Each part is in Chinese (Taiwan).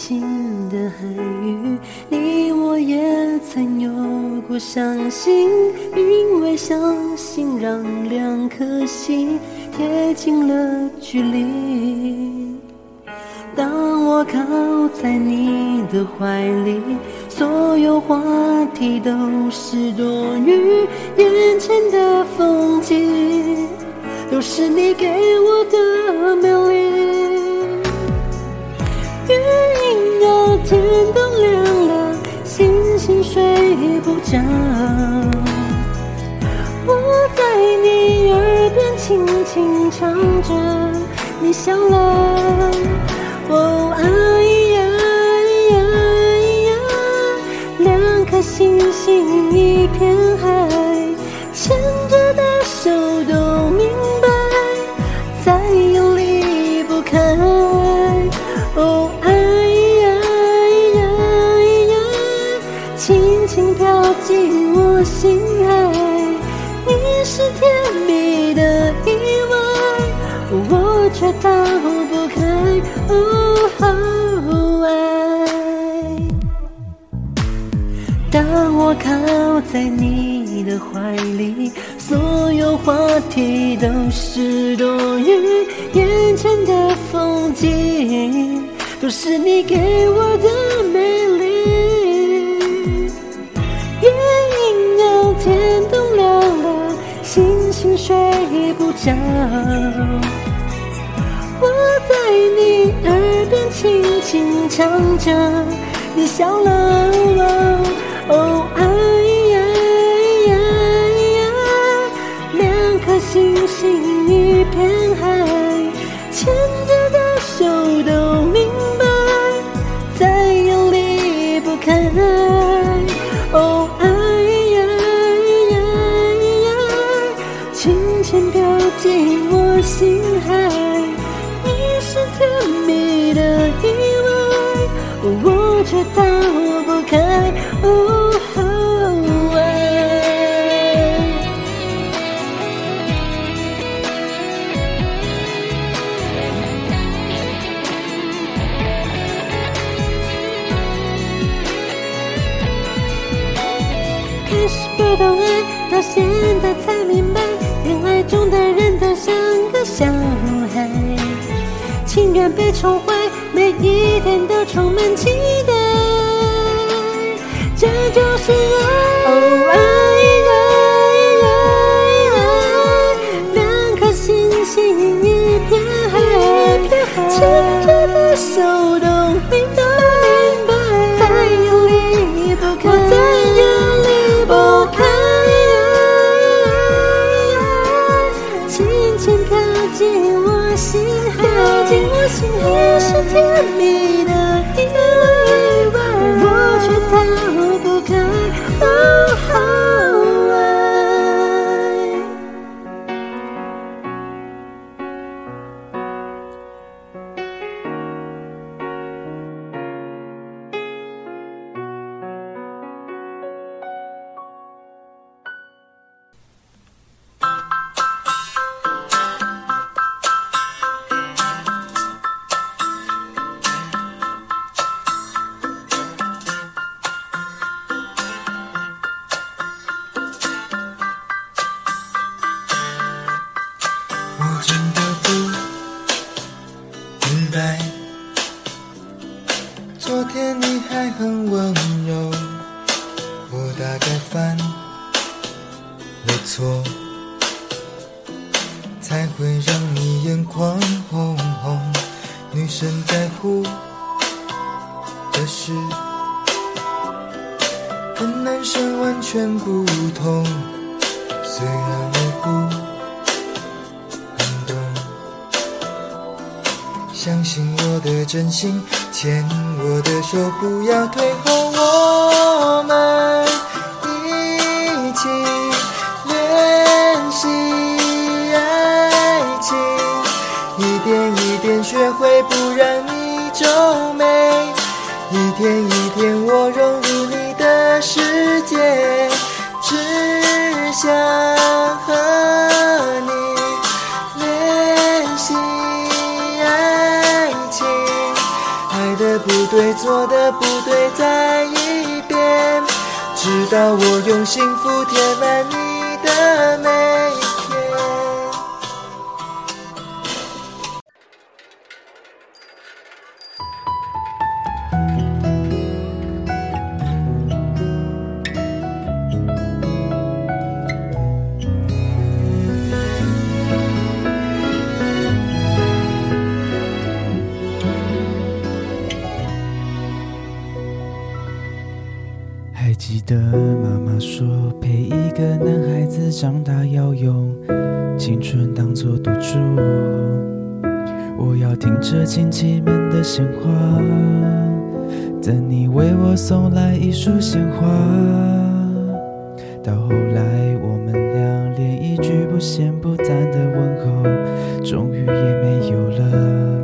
新的海域，你我也曾有過相信，因為相信讓兩顆心貼近了距離。當我靠在你的懷裡，所有話題都是多餘，眼前的風景都是你給我的美麗。我在你耳邊輕輕唱着，你笑了，哦，咿呀、咿呀、咿呀，兩顆星星一片。卻逃不開，哦，好愛。當我靠在你的懷裡，所有話題都是多餘。眼前的風景，都是你給我的美麗。夜鶯啊，天都亮了，星星睡不着。在你耳邊輕輕唱着，你笑了。Oh 昨天你還很溫柔，我大概犯了錯，才會讓你眼眶紅紅。女生在乎的事，跟男生完全不同。雖然我不。相信我的真心，牽我的手，不要退後，oh, 我們一起練習愛情，一點一點學會不讓你皺眉，一天一天我融入你的世界，只想。我的不對再一遍，直到我用幸福填滿你的美。的媽媽說，陪一個男孩子長大要用青春當做賭注。我要聽着親戚們的閒話，等你為我送來一束鮮花。到後來，我們倆連一句不鹹不淡的問候，終於也沒有了。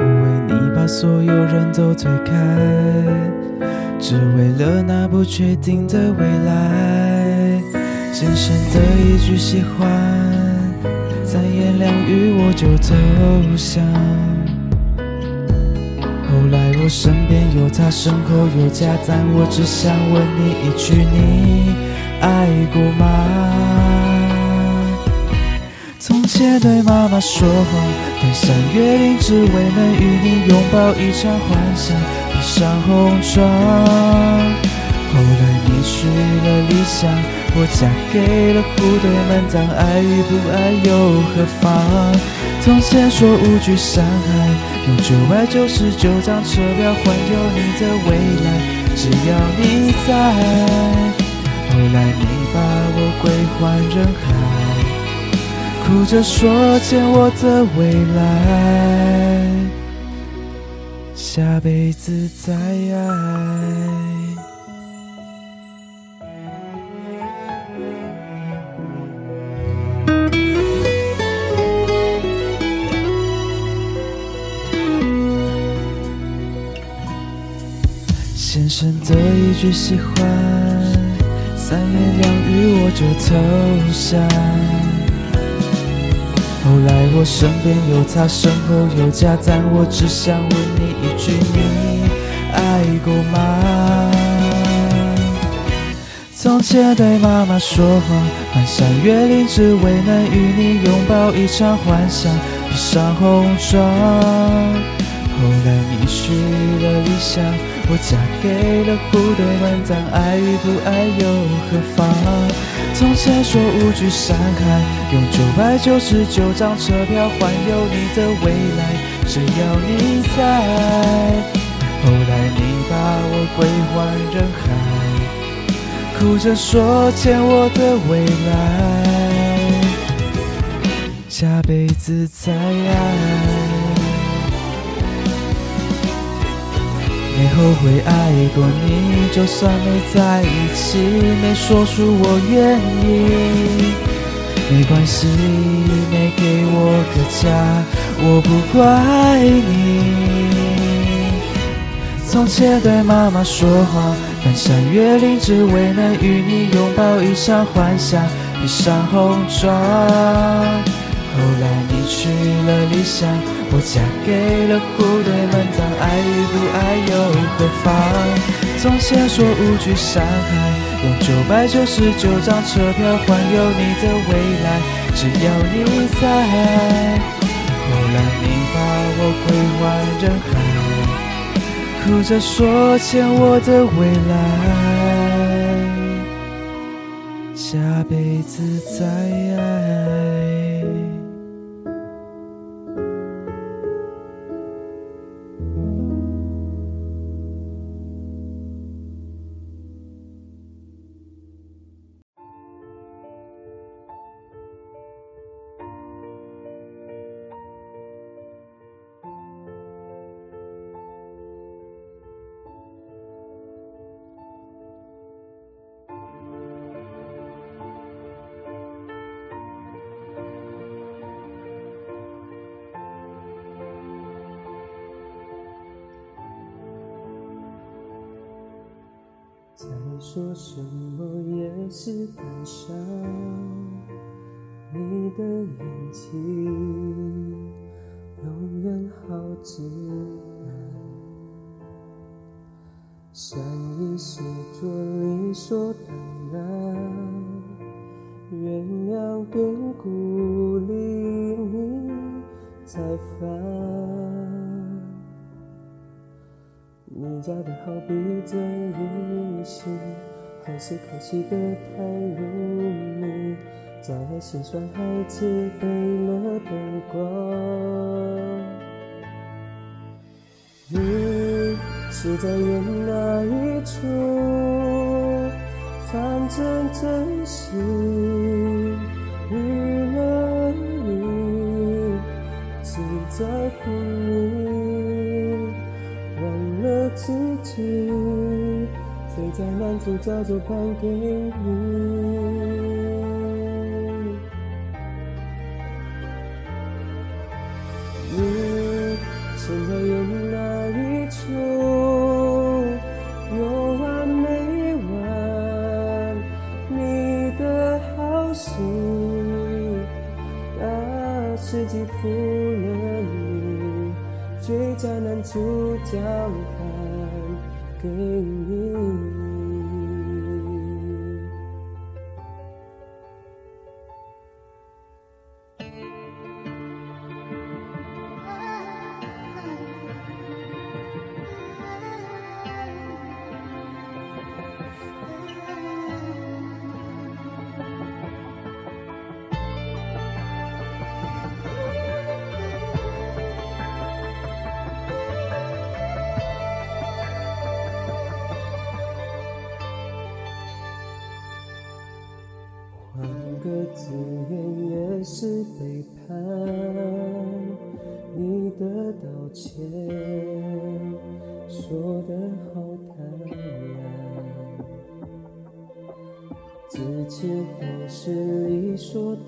我為你把所有人都推開。只為了那不確定的未來，深深的一句喜歡，三言兩語我就投降。後來我身邊有他，身後有家，但我只想問你一句：你愛過嗎？從前對媽媽說謊，翻山越嶺只為能與你擁抱一場幻想。上紅妝，後來你娶了理想。我嫁給了戶對門當，當愛與不愛又何妨？從前說無懼傷害，用九百九十九張車票換有你的未來，只要你在。後來你把我歸還人海，哭着說欠我的未來。下輩子再愛。先生的一句喜歡，三言兩語我就投降。後來我身邊有他，身後有家，但我只想問你一句：你愛過嗎？從前對媽媽說謊，翻山越嶺只為能與你擁抱一場幻想，披上紅妝。後來遺失了理想。我嫁給了戶對門當，愛與不愛又何妨？從前說無懼山海，用九百九十九張車票環遊你的未來，只要你在。後來你把我歸還人海，哭着說欠我的未來，下輩子再愛。後悔愛過你，就算沒在一起，沒說出我願意，沒關係，沒給我個家，我不怪你。從前對媽媽說謊，翻山越嶺只為能與你擁抱一場幻想，披上紅妝。後來你去了理想我嫁給了戶對門當，愛與不愛又何妨？從前說無懼山海，用九百九十九張車票換有你的未來。只要你在，後來你把我歸還人海，哭着說欠我的未來，下輩子再愛。說什麼也是感傷，你的眼睛永遠好自然，善意是做理所當然，原諒便鼓勵你才犯。演的好逼真入戲，還是可惜的太入迷，再還心酸孩子給了的光。 你是在演哪一出？反正真心為了你，只在乎。自己最佳男主角就頒給你。你現在有哪一齣？有完沒完？你的好戲，大師級服了你，最佳男主角，給你。啊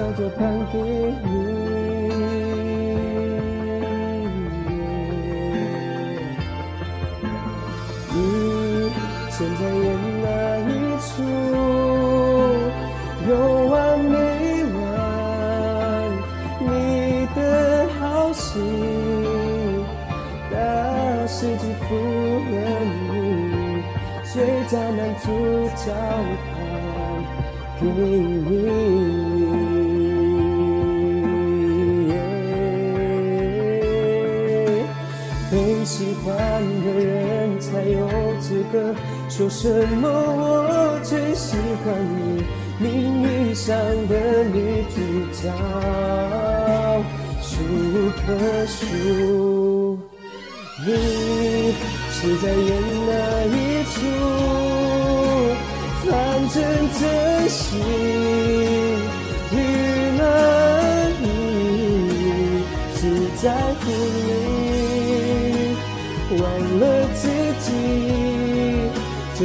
獎座頒給你，你現在演哪一出？有完沒完？你的好戲大世界敷衍你，最佳男主角頒給你。說什麼我最喜歡你？名義上的女主角，數可數。你是在演哪一出？反正真心與難你是在。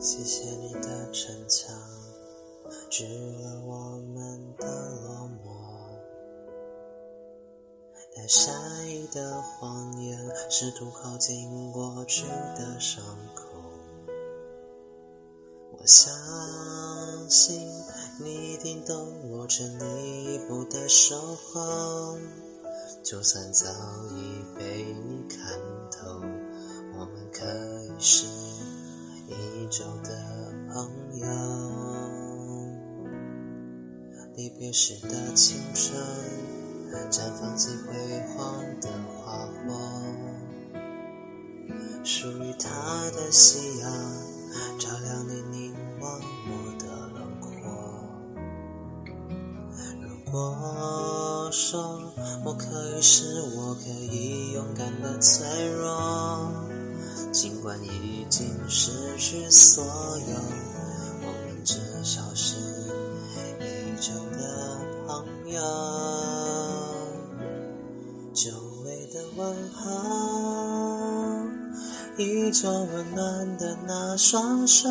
謝謝你的逞強，治癒了我們的落寞。帶善意的謊言，試圖靠近過去的傷口。我相信你一定懂我這彌補的守候，就算早已被你看透，我們可以是。一周的朋友，離別時的青春綻放最輝煌的花火，屬於他的夕陽照亮你凝望我的輪廓。如果說我可以是，我可以勇敢的脆弱，儘管你。曾經失去所有，我們至少是一周的朋友。久違 的問候，依舊溫暖的那雙手。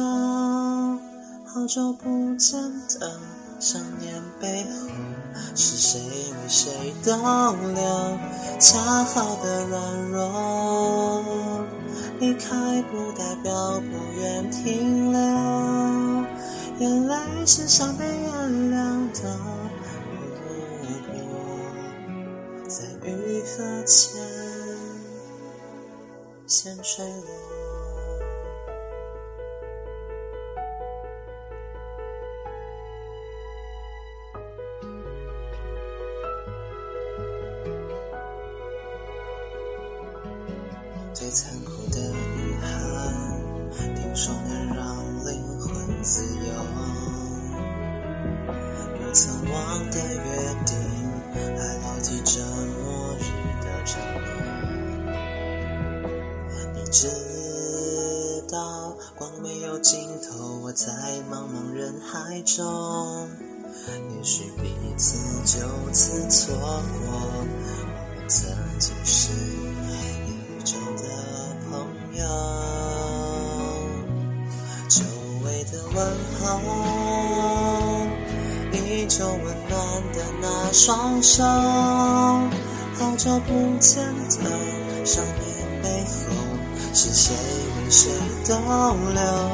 好久不見的想念，背後是誰為誰逗留？恰好的軟弱。離開不代表不願停留，眼淚是想被原諒的湖泊，在癒合前先墜落。不曾忘的約定，還牢記着末日的承諾。你知道，光沒有盡頭，我在茫茫人海中，也許彼此就此錯過。我們曾經是。雙手，好久不見的想念背後，是誰為誰逗留？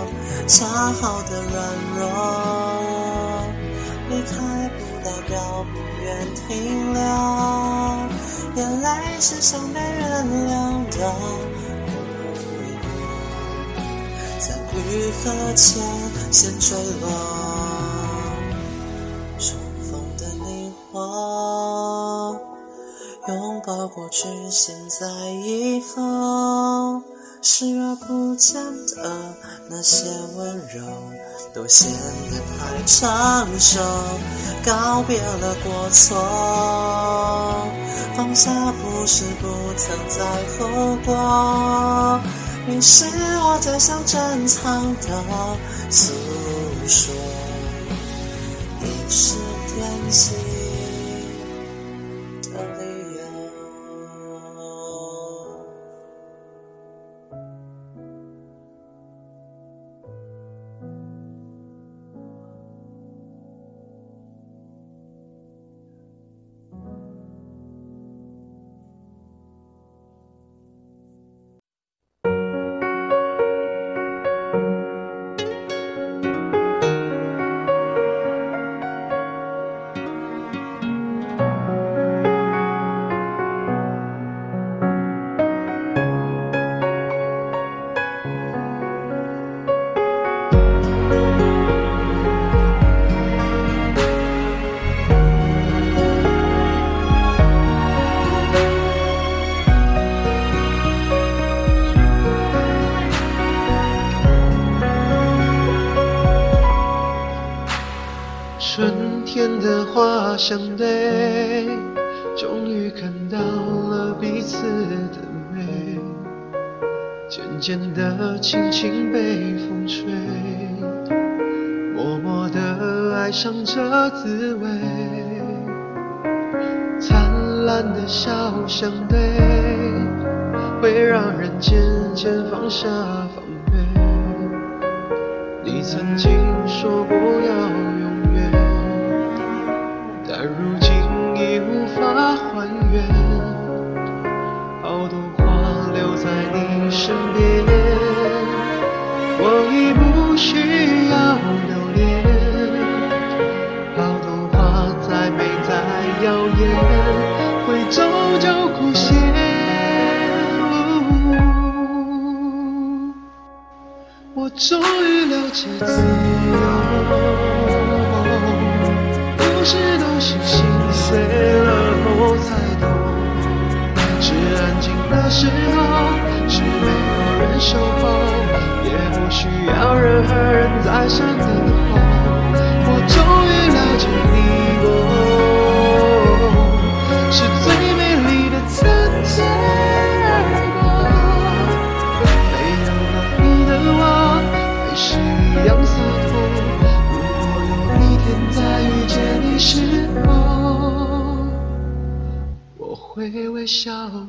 恰好的軟弱，離開不代表不願停留。眼淚是想被原諒的溫柔，在愈合前先墜落。把過去、現在、以後視而不見的那些溫柔，都顯得太長久。告別了過錯，放下不是不曾在乎過。你是我最想珍藏的訴說，你是天氣。相對，終於看到了彼此的美。漸漸的，輕輕被風吹，默默的愛上這滋味。燦爛的笑相對，會讓人漸漸放下防備。你曾經說過要。而如今已無法還原，好多花留在你身邊，我已不需要留戀，好多花再美再耀眼，會終究枯謝。我終於了解自由。守候，也不需要任何人在身等候。我終於了解你，我是最美麗的擦肩而過。沒有了你的我，還是一樣灑脫。如果有一天再遇見你時候，我會微笑。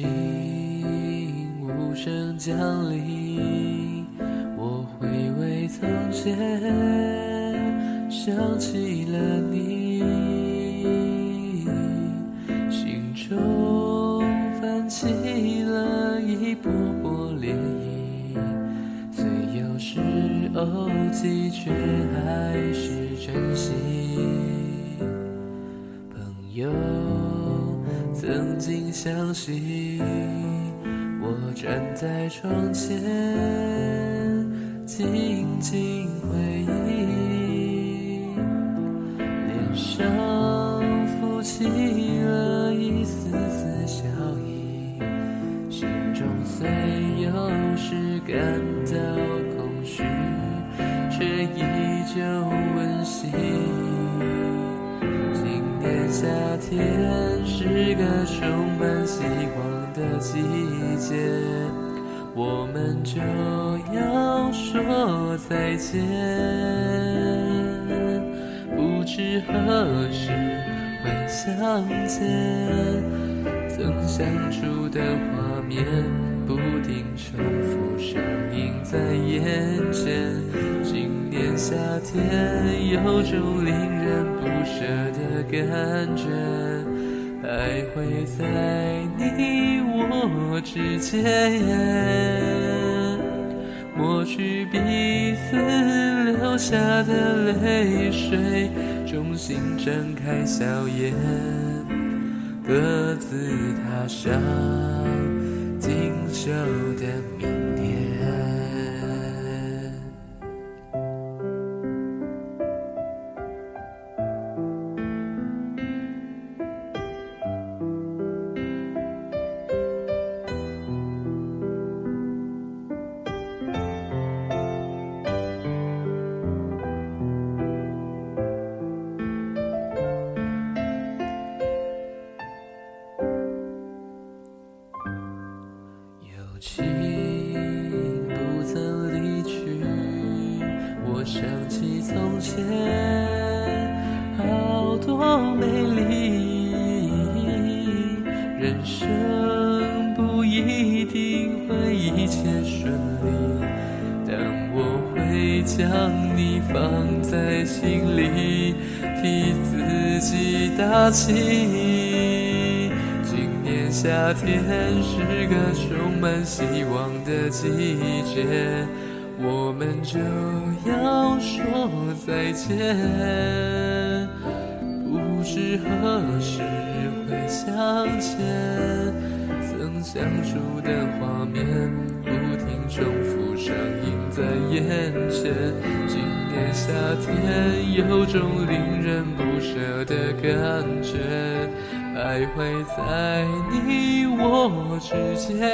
靜，無聲降臨。我回味從前，想起。相信我，站在窗前，靜靜回憶，臉上浮起了一絲絲笑意，心中雖有時感。季節，我們就要說再見。不知何時會相見，曾相處的畫面不停重複，上演在眼前。今年夏天有種令人不捨的感覺，還會在你。抹我之間，抹去彼此留下的淚水，重新睜開笑顏，各自踏上錦繡的。起，今年夏天是個充滿希望的季節，我們就要說再見，不知何時會相見。相處的畫面不停重複，上映在眼前。今年夏天有種令人不舍的感覺，徘徊在你我之間。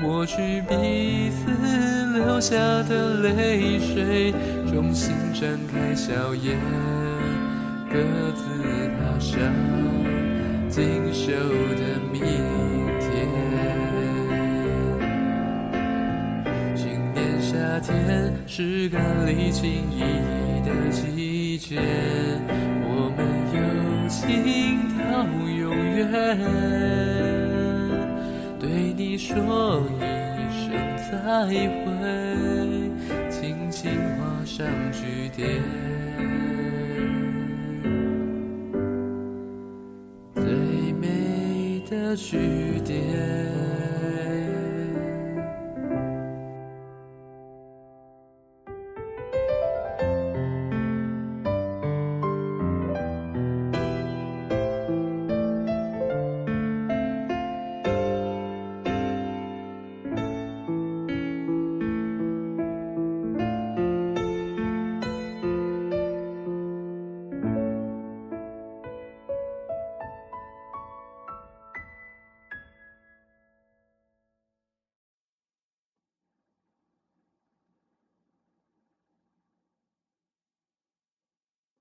抹去彼此流下的淚水，重新綻開笑顏，各自踏上。錦繡的明天，今年夏天是個歷盡意義的季節，我們友情到永遠。對你說一聲再會，輕輕畫上句點。的句點。